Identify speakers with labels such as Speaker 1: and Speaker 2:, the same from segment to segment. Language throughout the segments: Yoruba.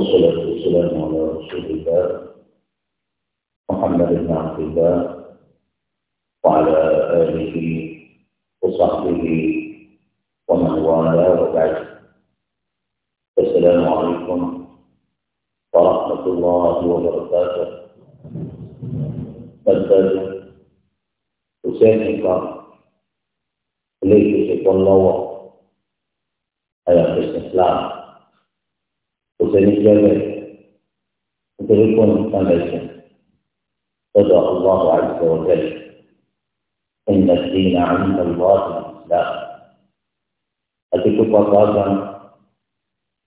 Speaker 1: والصلاة والسلام على رسول الله محمد بن عبد الله وعلى آله وصحبه ومن والاه وبعد السلام عليكم ورحمة الله وبركاته بدل أسامك ليس شكرا الله أيها الإسلام kò sẹ́ni gbẹ́bẹ̀ nítorí pé òun kan lè sùn lọ́dọ̀ ọlọ́run àdúgbò ọ̀tẹ́lẹ̀ ẹ̀yìn àti ìyá àwọn ọlọ́run ìgbà àti pípa pàápàá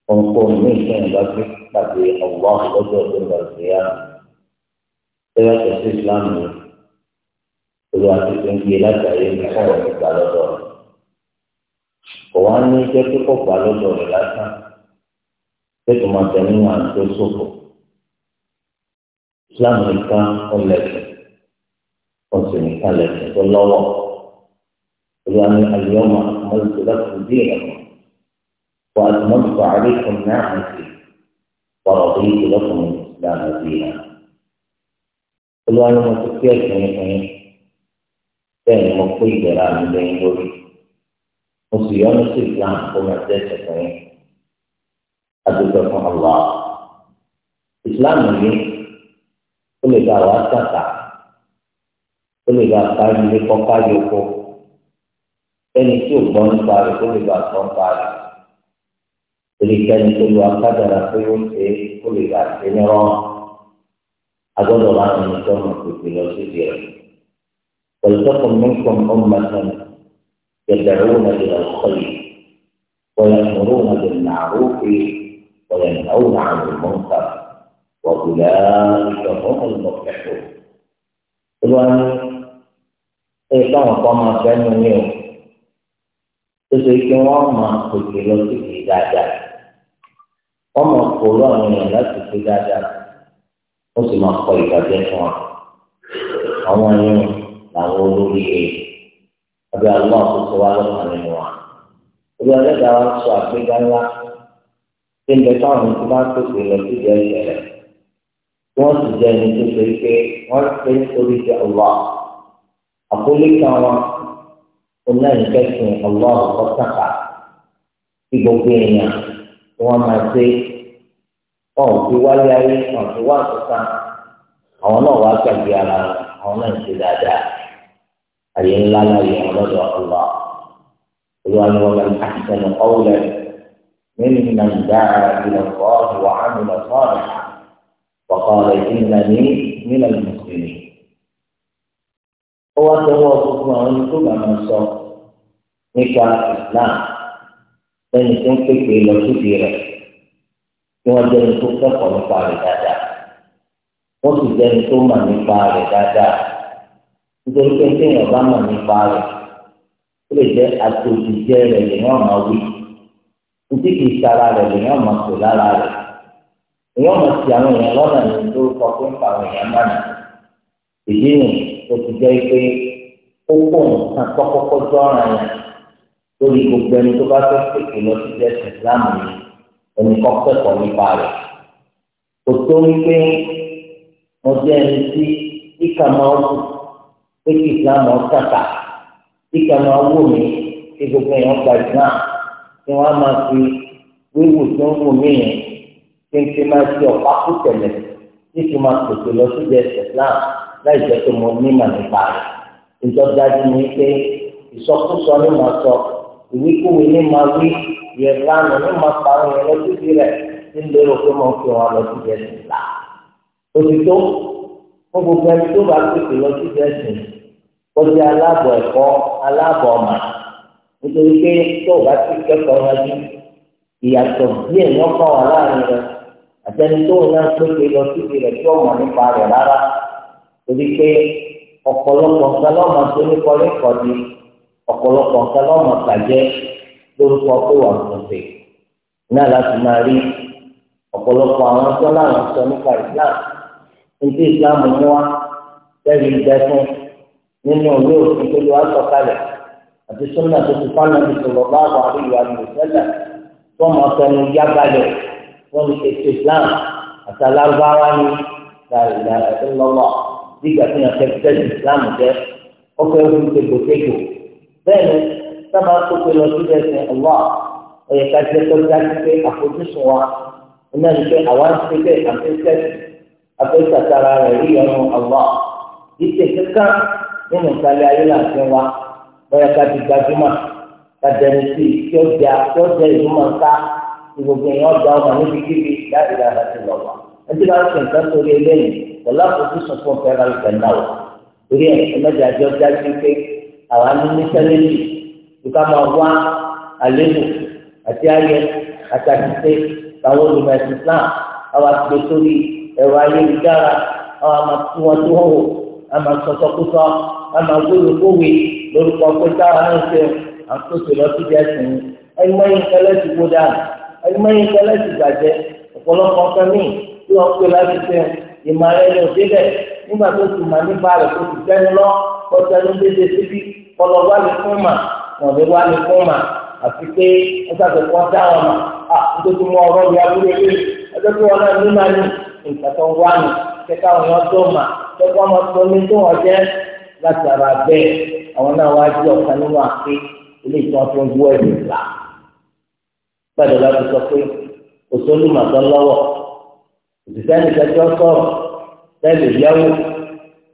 Speaker 1: ohunkóhun ní ìkẹyìn bá gbé pàdé ọlọ́run lọ́dọ̀ ọ̀tẹ́lẹ̀ ọ̀tẹ́yà tẹ́lẹ̀ tẹ̀sí Islam ni olùwà ti fi ń gbé láti ayé ní fún ọ̀rọ̀ ìgbà lọ́dọ̀ rẹ̀ kò wá ní jẹ́ pípọ̀ gbà lọ́dọ̀ rẹ̀ lásán tẹ́tù máa tẹ̀ nínú àti sòfò islam nìkan ọlẹ́sẹ̀ ọ̀sẹ̀ nìkan lẹ́sẹ̀ tó lọ́wọ́ olùwàmí àlùyọ́mọ àmọ́lùkù láti dé ẹ̀kọ́ wà á tún mọ́tò àríkùn náà àti wàrà òbí ìlọ́kùn islam àti ìlà olùwàmí mo ti fi ẹ̀sìn nìkan yẹn bẹ́ẹ̀ ni mo kó ìgbéra mi lẹ́yìn lórí mo sì yọ́nú sí islam kó máa adúgbò fún ọlọ́ ìsìláàmù yìí ó lè gba àwọn àtàkà ó lè gba káyọ ilé kọ́ káyọ oko ẹni tí ò gbọ́ nípa rẹ̀ ó lè gba àtọ́ nípa rẹ̀ èlìkẹ́ni tó lu akádàrà pé ó ṣe ó lè gba àṣẹ nírọ́ agbọ́dọ̀ láwọn ẹni tó mọ̀ lọ sí ìdí rẹ̀ pẹ̀lúkọ́kùn mẹ́kàn ọmọkàn yẹ̀dẹ̀rún ọ̀nà ìlànà ọ̀kọ́ yìí wọ́n yẹ kúrò ọ̀nà ìlànà àrùn pé. وينهون عن المنكر وأولئك هم المفلحون الوان إيطان قام بأنه يوم تسيكي وما تكيلو تكي دادا وما قولوا أن لا تكي دادا وسمع قوي بديتوا àwọn yẹn làwọn olórí yẹn àbí àwọn àkókò wa lọ́kàn nínú wa ìgbà lẹ́gbàá wa sọ àgbéga ńlá ṣé ń bẹ táwọn tó bá pèsè lọ sí ìdí ẹ̀ṣẹ̀lẹ̀ tí wọ́n sì jẹ́ ẹni tó ṣe pé wọ́n ṣe ń torí ṣe ọ̀wá àkólé káwọn onáìkẹ́sìn ọ̀wá ọ̀kọ́ sàkà tí gbogbo èèyàn tí wọ́n máa ṣe ọ̀hún ti wáyé ayé ọ̀hún ti wá àtúntà àwọn náà wá gbàgbé ara àwọn náà ń ṣe dáadáa àyè ńlá láyé ọlọ́dọ̀ ọ̀wá olùwàlúwọ̀n àti sẹ́nu ọ̀wúlẹ̀. من من دعا إلى الله وعمل صالحا وقال إنني من المسلمين هو تواصل مع الكل أما صار نكاح الإسلام لن تنفك إلى كثيرة يوجد تكتب ونفعل هذا وتجد ثم نفعل هذا nítorí pé téèyàn bá mọ̀ nípa rẹ̀ ó lè jẹ́ ntí kì í sara rẹ̀ lèyàn mọ̀ tó lára rẹ̀ èyàn mọ̀ sí àwọn èèyàn lọ́nà ní tó kọ pé ń pa àwọn èèyàn mọ̀nà ìdí nì tó ti jẹ́ pé ó pò nǹkan kọ́kọ́kọ́ tó ọ̀ràn yẹn lórí gbogbo ẹni tó bá fẹ́ pèpè lọ sí ẹ̀sìn Islam yìí ẹni kọ́ kẹ́kọ̀ọ́ nípa rẹ̀ kò tó ń pé mo jẹ́ ẹni tí kíkà máa wù pé kí Islam ọ̀ kàkà kíkà máa wù mí kí gbogbo èèyàn gba Islam kí wọ́n máa fi wíwù tó ń wù mí yẹn kí n ti máa fi ọ̀pá kú tẹ̀lẹ̀ kí n ti máa pèsè lọ sí ilẹ̀ Islam láì jẹ́ pé mo ní màmí pa rẹ̀ ìjọdájú ni pé ìsọkúsọ ni màá sọ ìwíkúwí ni màá wí ìyẹ̀fánù ni màá pa àwọn èèyàn lọ sí rẹ̀ tí ń lérò pé mo fi wọn lọ sí ilẹ̀ Islam òtítọ́ fún gbogbo ẹni tó bá pèsè lọ sí ilẹ̀ kọjá aláàbọ̀ ẹ̀kọ́ aláàbọ̀ ọ̀mà nítorí pé tó o bá ti kẹ́kọ̀ọ́ wájú ìyàtọ̀ díẹ̀ ní ọkọ̀ wà láàrin rẹ àtẹni tó o náà pété lọ síbi rẹ tí ọmọ nípa rẹ rárá torí pé ọ̀pọ̀lọpọ̀ nǹkan lọ́mọ tó ní kọ́lékọ̀ọ́ di ọ̀pọ̀lọpọ̀ nǹkan lọ́mọ bàjẹ́ lórúkọ pé wà lóde náà láti máa rí ọ̀pọ̀lọpọ̀ àwọn tó láwọn sọ nípa Islam nítorí Islam mú wa lẹ́yìn ìgbẹ́ fún nínú ìwé òfin tó lọ́wọ́ sọ̀kalẹ̀ àti sọ́nà tó ti fáwọn ẹni sọ̀rọ̀ bá wà ní ìwà ní ìṣẹ̀lẹ̀ tó máa tẹnu yábalẹ̀ wọ́n ní ètò Islam àtàlágbára ní ìlà ìlọ́wọ́ dígbà tí wọ́n fẹ́ Islam jẹ́ ọkọ̀ ẹ̀kú tegbòtegbò bẹ́ẹ̀ ni sábà tó pe lọ síbẹ̀ sí ọwọ́ ọ̀yẹ̀ ká jẹ́ tó dá sí pé àfojúsùn wa iná ní pé àwa ń ṣe bẹ́ẹ̀ àfẹ́fẹ́ àfẹ́sàtara rẹ̀ rí ọ̀wọ́ ìṣe lọ́yẹ ká ti gbajúmọ̀ ká dẹni sí kí ó jẹ kí ó jẹ ìlú máa ń ká gbogbo èèyàn ọjà ọmọ níbi kíbi láti ra àti lọ wá ẹtí bá ń sọ nǹkan torí eléyìí pẹ̀lú àfojúsùn fún fẹ́ràn ìfẹ́ náà torí ẹ̀ ẹlẹ́dàá jọ dájú pé àwa ní níṣẹ́ méjì ìka máa wá àlébù àti ayẹ àti àtìsé táwọn olùmọ̀ ẹ̀sìn Islam àwa ti gbé sórí ẹ̀rọ ayélujára àwa máa tún wọn tó a máa sọsọ kúsọ a máa wúlò kówè lórúkọ pé táwa náà ṣe à ń tòṣe lọ sí ẹsìn ẹgbẹ́ yín kẹlẹ́ ti wó dáa ẹgbẹ́ yín kẹlẹ́ ti gbàjẹ́ ọ̀pọ̀lọpọ̀ kẹ́mí tí wọ́n pè láti ṣe ìmọ̀ rẹ̀ ní òdébẹ̀ nígbà tó ti mà nípa rẹ̀ tó ti tẹ́nu lọ kọ́tẹ́nu dédé síbí kọlọ wá lè fún mà wọ́n wá lè fún mà àti pé ẹ̀sàtẹ̀ kọ́ dáwọn mà à nítorí mọ́ ọ̀rọ̀ ìyá kẹta àwọn èèyàn tó mà kẹta ọmọ tó ní tó wọn jẹ láti ara bẹ́ẹ̀ àwọn náà wá jẹ ọ̀kan nínú àfi ilé ìtàn tó ń gbọ́ ẹ̀mí là gbàdọ̀ láti sọ pé kò sólù màtọ́ lọ́wọ́ òṣìṣẹ́ nìkan tó sọ̀rọ̀ bẹ́ẹ̀ yẹwò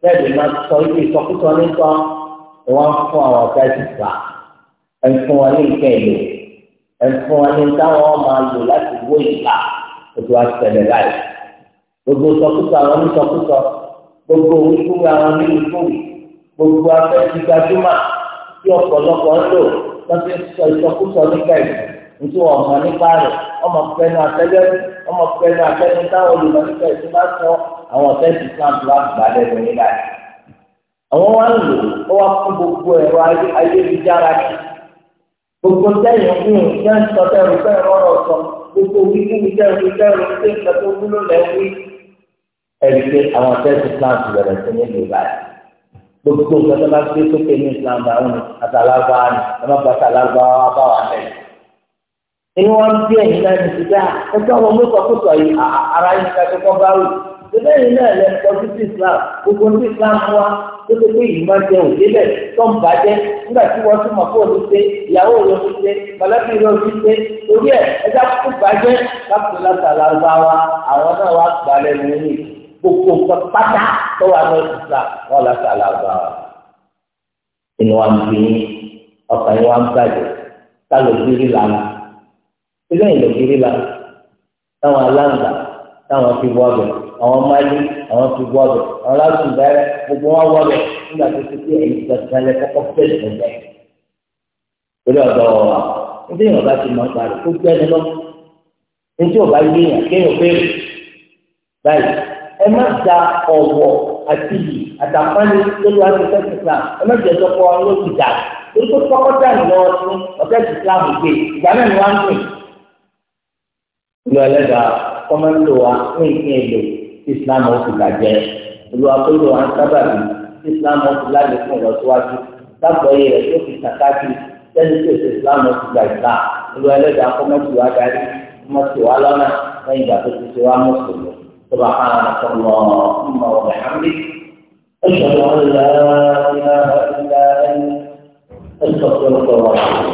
Speaker 1: bẹ́ẹ̀ lè máa sọ ibi ìsọkúsọ nípa ni wọ́n ń fún àwọn ọ̀gá ìsìnkà ẹ̀ ń fún wọn ní nǹkan èlò ẹ̀ wọn ní táwọn máa lò láti wó ìlà òtún àti gbogbo sọkúsọ àwọn onísọkúsọ gbogbo òwúkúwé àwọn oníwúkúwé gbogbo afẹ́sí gbajúmọ̀ tí ọ̀pọ̀lọpọ̀ ń lò lọ́sẹ̀ sọ ìsọkúsọ nípa ẹ̀sìn nítorí ọmọ nípa rẹ̀ ọmọ pẹ̀lú àtẹ́lẹ́ ọmọ pẹ̀lú táwọn olùmọ̀ nípa bá sọ àwọn lẹ́nu yìí. àwọn ń lò ó wá fún gbogbo ẹ̀rọ ayélujára gbogbo sẹ́yìn fún ẹni pé àwọn tẹ́sí Islam ti bẹ̀rẹ̀ sí ní ìlú báyìí gbogbo nǹkan tó bá gbé sókè ní Islam bá wọn àtàlágbá ni ẹ má gba àtàlágbá wa bá wà bẹ́ẹ̀. inú wọn bí ẹ̀yin náà ní ti dá ah, ẹgbẹ́ àwọn mẹ́kọ̀ọ́ tó sọ yìí ah, ah, ara yìí ká tó bá wù ṣẹlẹ̀ yìí náà lẹ kọ́ sí ti Islam gbogbo ní Islam wa tó ti pé ìmọ̀ jẹ òde bẹ̀ tó ń bàjẹ́ nígbà tí wọ́n tún mọ̀ kó o ṣe ìyàwó rẹ̀ o ṣe mọ̀lẹ́bí rẹ̀ o ṣe torí ẹ̀ ẹ̀dá kó bàjẹ́ láti lọ́sàlá wa àwọn náà wá gbalẹ̀ lóyún gbogbo nǹkan pátá tó wà ní ìsìlá wọn là sàlà bá wa. inú wa ń bí yín ọkàn yín wa ń bàjẹ́ ká ló gírí lánàá ilé ìlú gírí lánàá táwọn aláǹgbà táwọn fi wọ́ ọbẹ̀ àwọn máyé àwọn fi wọ́ ọbẹ̀ àwọn lásùn bẹ́rẹ̀ gbogbo wọn wọ́ ọbẹ̀ nígbà tó ti pé èyí gbàgbọ́n lẹ kọ́kọ́ fẹ́ẹ̀ lẹ́gbẹ́ torí ọ̀dọ́ wa ndé yóò bá ti mọ̀ parí kó gbẹ́ni lọ ndé yóò bá yéèyàn kéèyàn béèrè báyìí ẹ má da ọ̀wọ̀ àti yìí àtàkùnrin lórí wàá ti fẹ́ẹ́ islam ẹ má jẹ́ sọ́kọ́ lórí ìdá torí pé kọ́kọ́tà ìlọ ọtún ọ̀tẹ́ islam gbé ìgbà náà ni wọ́n ń pè. ìlú ẹlẹ́dàá kọ́mẹ́ńtò wa ní ìpín èlò islam ọ̀sùn ìbàjẹ́ ìlú akóyò wa ń sábàbí islam ọ̀sùn láti fún ìlọsíwájú lágbọ̀ọ́yé rẹ̀ tó fi sàkáàtì lẹ́nu tó ṣe islam ọ̀sùn ìgbà ìlú ẹlẹ́dàá kọ́mẹ́ńtò wa darí kọ́mẹ́ńtò wa lọ́nà lẹ́yìn ìgbà tó ti ṣe سبحانك اللهم وبحمدك أشهد أن لا إله إلا أنت أستغفرك وأتوب